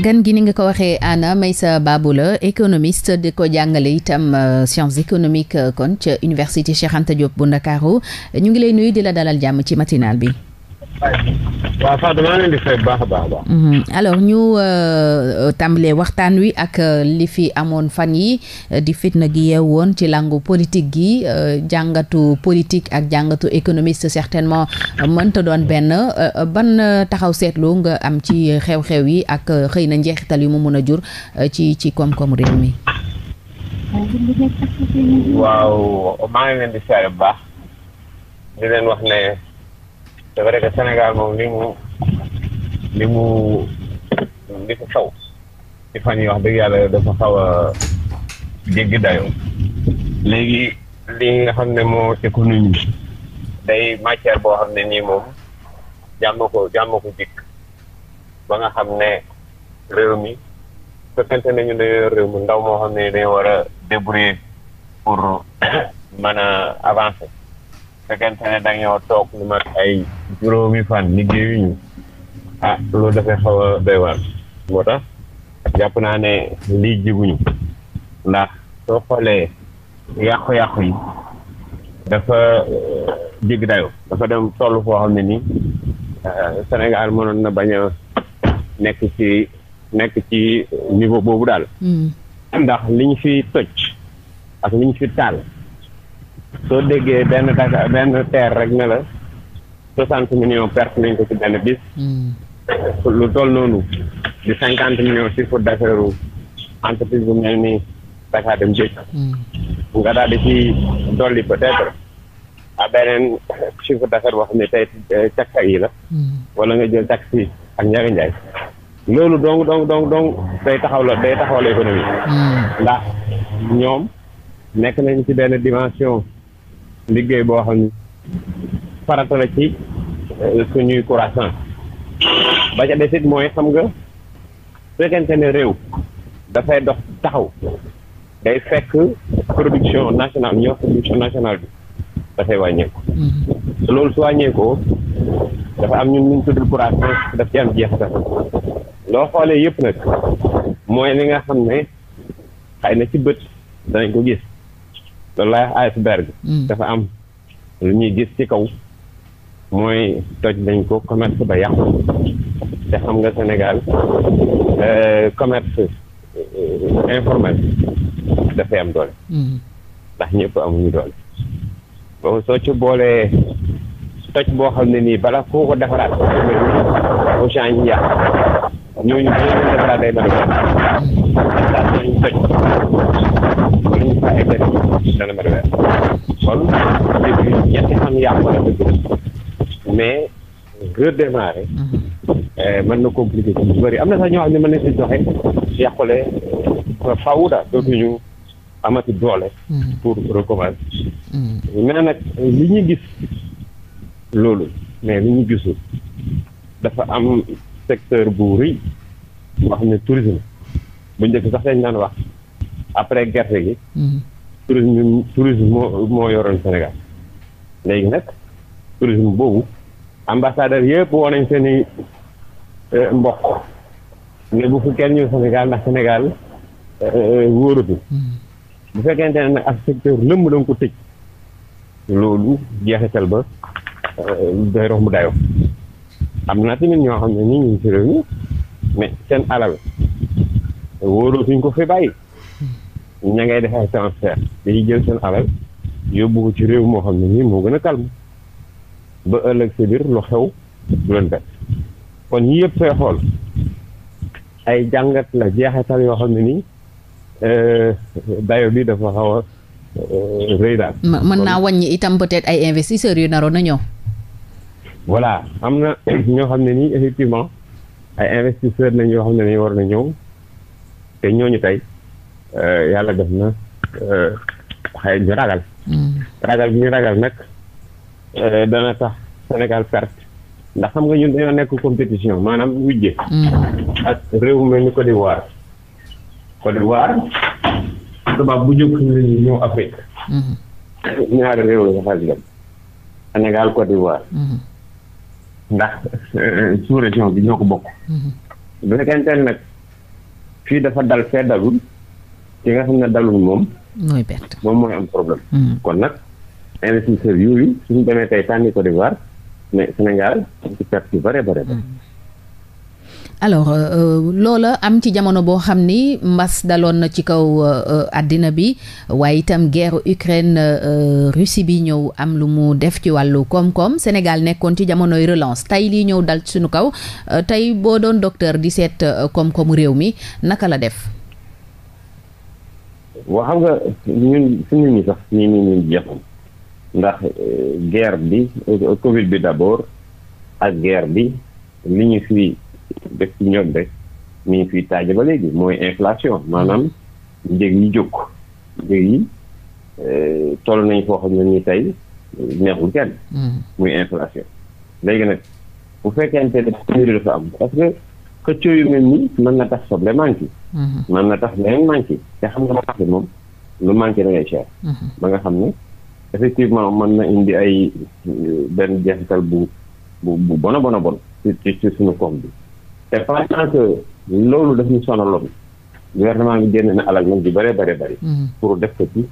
gan gi ni nga ko waxee Anna Meissa Babou la économiste di ko jàngale itam euh, sciences économiques euh, kon ca université Cheikh Anta bu Ndakaaru ñu ngi lay nuyu di la dalal jàmm ci matinal bi. waaw maa ngi leen di fay baax baax baax. Mhm. alors ñu euh, euh, tàmbalee waxtaan wi ak euh, li fi amoon fan yi di fitna gi yeew woon ci langu politik gi jàngatu politik ak jàngatu économiste certainement mënta doon benn ban taxaw seetlu nga am ci xew-xew yi ak xëy na njeexital yu mu mun a jur ci ci koom-koomu réew mi. waaw maa ngi leen di fay baax di leen wax ne. c'est vrai Sénégal moom li mu li mu li fi xew ci fan yi wax dëgg yàlla dafa xaw a jéggi dayoo léegi li nga xam ne moo économie bi day matière boo xam ne nii moom jàmm ko jàmm ko jikk ba nga xam ne réew mi fekkente ne ñu dañoo réew mi ndaw moo xam ne dañoo war a débrouiller pour mën a avancer fekkente ne dañoo toog lu mat ay juróomi fan liggéeyuñu ah loolu dafay xaw a doy waar moo tax jàpp naa ne lii jiguñu ndax soo xoolee yàqu-yàqu yi dafa euh, jig dayo dafa dem toll foo xam ne ni euh, Sénégal mënoon na bañ a nekk ci nekk ci niveau boobu daal hmm. ndax li ñu fi toj ak li fi taal soo déggee benn Dakar benn terre rek ne la soixante millions perte nañ ko ci benn bis. Hmm. lu toll noonu di cinquante millions chiffre d'affaires entreprise bu mel ni Dakar Dem Dikk. Hmm. nga daal di ci dolli peut-être à beneen chiffre d'affaires boo xam ne tey càq yi la. Hmm. wala nga jël taxi ak Ndiaga Ndiaye. loolu donc donc donc donc day taxaw la day taxawal économie. ndax ñoom nekk nañ ci benn dimension. liggéey boo xam ne farata la ci euh, suñuy croissant ba ca desit mooy xam nga fekkente ne réew dox taxaw day fekk production nationale ñoo production nationale bi dafay wàññeeku mm-hmm. loolu su wàññeekoo dafa am ñun ñu tudd croissance daf ci am jeexital loo xoolee yëpp nag mooy li nga xam ne xëy na ci bët danañ ko gis live iceberg mm. dafa am lu ñuy gis ci kaw mooy toj lañ ko commerce ba yàqu te xam nga Sénégal euh, commerce euh, informel dafay am doole mm. ndax ñëpp amuñu doole soo ci boolee toj boo xam ne nii bala koo ko defaraat au ko defaraat day bari mm. daal dañu toj fa a kon début ñetti fan yàqu na dëgg la mais redémarrer mhm. eh, mën na compliqué ci lu am na sax ñoo xam ne mën nañ si joxe yàqule euh, faaw dootuñu amati doole mhm. pour recommencer mhm. mais nag li ñu gis loolu mais li ñu gisul dafa am secteur bu rëy boo xam ne tourisme bu njëkk sax dañ daan wax après gerte gi. Mhm. tourisme tourisme moo moo yoroon Sénégal léegi nag tourisme boobu ambassadeur yëpp woo nañ seen i euh, mbokk ne bu fi kenn ñëw Sénégal ndax Sénégal euh, wóoratu mhm. bu fekkente ne nag ak secteur lëmm da ko tëj loolu jeexital ba euh, day rox mu dayoo am na tamit ñoo xam ne ñu ngi ci réew mais seen alal wóoratuñ ko fi bàyyi. ña ngay def ay transfert dañuy jël seen alal yóbbu ko ci réew moo xam ne nii moo gën a calme ba ëllëg sa biir lu xew du leen kon yii yëpp sooy xool ay jàngat la jeexital yoo xam ne nii euh, dayo bi dafa xaw a euh, rëy daal. mën naa wàññi itam peut ay investisseurs yu naroon na ñëw. voilà am na ñoo xam ne nii effectivement ay investisseurs lañ yoo xam ne nii war na ñëw te ñooñu tey. Euh, yàlla def na euh, xëy ñu ragal. Hmm. ragal bi ñu ragal nag euh, dana tax Sénégal perte ndax xam nga ñu dañoo nekk compétition maanaam wujje hmm. réew mu mel ni Côte d'Ivoire. Côte d'Ivoire hmm. réew la ndax sous région ñoo ko bokk. bu fekkente nag fii dafa dal fee ki nga xam ne dalul moom. mooy perte moom mooy am problème. Hmm. kon nag investisseurs yooyu suñu demee tey tànni Côte d'Ivoire mais Sénégal ci perte yu bare bare bare. Hmm. alors euh, loola am ci jamono boo xam ni mbas daloon na ci kaw euh, àddina bi waaye itam guerre Ukraine euh, Russie bi ñëw am lu mu def ci wàllu koom-koom Sénégal nekkoon ci jamonoy relance tey lii ñëw dal ci suñu kaw euh, tey boo doon docteur di seet euh, koom-koomu réew mi naka la def. waa xam nga ñun fi nit ñi sax ñi ñi ñun jeexum ndax eh, guerre bi eh, covid bi d'abord ak ger bi li ñu fi def ci ñoom rek mi ñu fiy taaje ba léegi mooy inflation maanaam njëg yi jóg njëg yi eh, toll nañ foo xam ne ni tey neexul kenn mm. muy inflation léegi nag bu fekkente am parce que xëccoo yu mel nii mën na tax soble manqué. Mhm. mën na tax leneen manqué te xam nga marché da ngay cher. Mhm. xam ne effectivement mën na indi ay euh, benn jeexital bu bon a a bon ci suñu koom bi. te que loolu daf ñu sonaloon gouvernement bi génn na alal nag di bëree bëri bëri. Mhm. pour def ko ci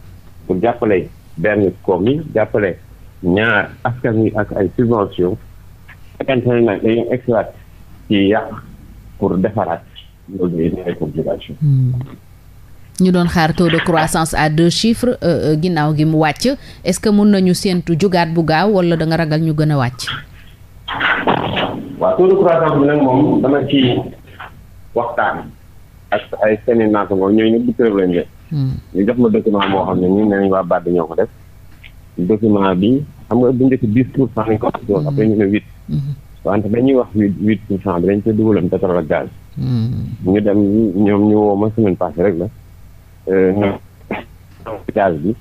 pour jàppale benn koom yi jàppale ñaar askan wi ak ay subventions. ci yàq. pour defaraat hmm. ñu doon xaar taux de croissance à deux chiffres euh, euh, ginnaaw gi mu wàcc est-ce que mun nañu séentu jogaat bu gaaw wala da ragal ñu gën a wàcc. waa taux de croissance bi nag moom dama ci waxtaan ak ay seen i naataangoo ñooñu ñëpp docteur lañ hmm. jox ma document boo xam ne ñun nee nañu waa Bade ñoo ko def document bi xam nga bu njëkk dix pour cent lañ ko. après ñu ne huit. Hmm. wante dañuy wax huit huit pour cent bi dañ ci dugaloon pétrole ak gaz. Hmm. ñu dem ñoom ñu woo ma semaine passée rek la. Euh, gaz bi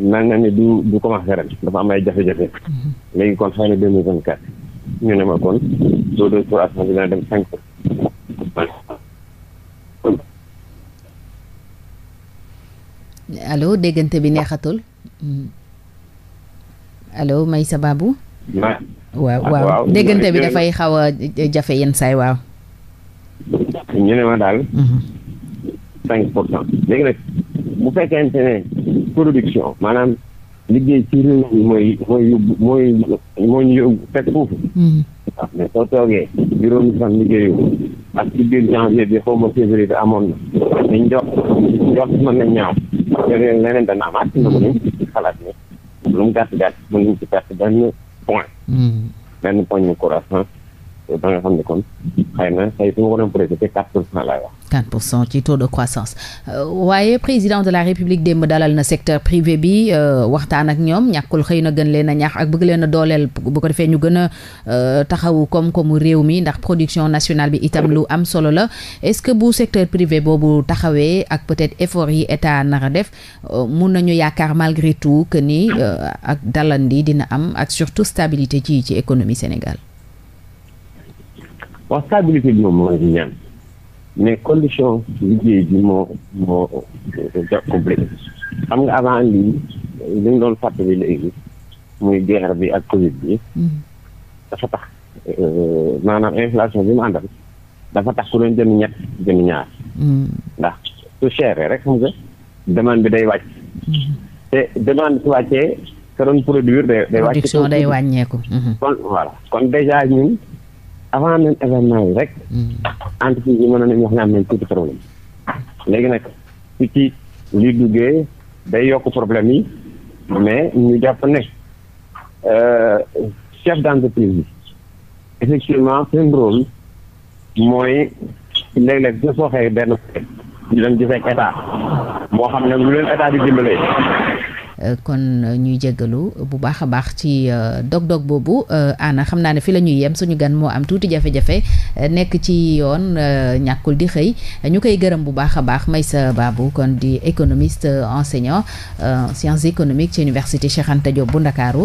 naan euh, na ne du du commencé ren dafa am ay jafe-jafe. Hmm. léegi kon xëy na de croissance dem cinq pour allo déggante bi neexatul. Hmm. allo Meissa Babou. Ah, waaw waaw déggante bi dafay xaw a jafe yenn saay waaw. ñu ne ma daal. Mhm. cinq pour cent léegi nag bu fekkente ne production maanaam liggéey ci réew mi mooy mooy yóbbu mooy moo fekk foofu. waaw mhm. ah, soo toogee juróomi fan liggéeyu ak ci biir janvier bi xaw ma février amoon na dañ jox jox mën na ñaaw leneen leneen dana amaat mu mhm. ne xalaat ne lu mu gàtt gàtt mën nañ ci perte benn. point. Hmm. benn poñ mu croissant ba nga xam ne kon xëy na tey su ma ko doon présenté quatre pour cent laay wax. 4 pour cent ci taux de croissance euh, waaye président de la république démb dalal na secteur privé bi euh, waxtaan ak ñoom ñàkkul xëy na gën leen a ñaax ak bëgg leen a dooleel bu ko defee ñu gën a euh, taxawu koom komu réew mi ndax production nationale bi itam lu am solo la est-ce que bu secteur privé boobu taxawee ak peut-être effort yi état nar a def mun nañu yaakaar malgré tout que ni ak dalandi dina am ak surtout stabilité ci ci économie Sénégal. mais condition liggéey bi moo moo jàppale xam nga avant lii dañ doon fàttali léegi muy guerre bi ak Covid bi. dafa tax euh, maanaam inflation bi mu àndal dafa tax ku doon jëmi ñett jëmi ñaar. ndax su chéré rek xam nga demande bi day wàcc. te demande su wàccee ka doon produire day. day wàcc production day wàññeeku. kon voilà kon déjà ñun. avant même événement yi rek. Mm-hmm. entreprise yi mën nañu wax ne am nañ tuuti problème léegi nag su ci li duggee day yokk problème yi mais ñu jàpp ne euh, chef d' entreprise bi effectivement seen rôle mooy léeg-léeg su sooxee benn ñu dem gisee état moo xam ne lu leen état di dimbalee Euh, kon euh, ñuy jéggalu bu baax a baax ci euh, dog-dog boobu ana xam naa ne fi la ñuy yem suñu gan moo am tuuti jafe-jafe nekk ci yoon ñàkkul di xëy ñu koy gërëm bu baax a baax Meissa Babou kon di économiste enseignant sciences économiques ci université Cheikh Anta bu Ndakaaru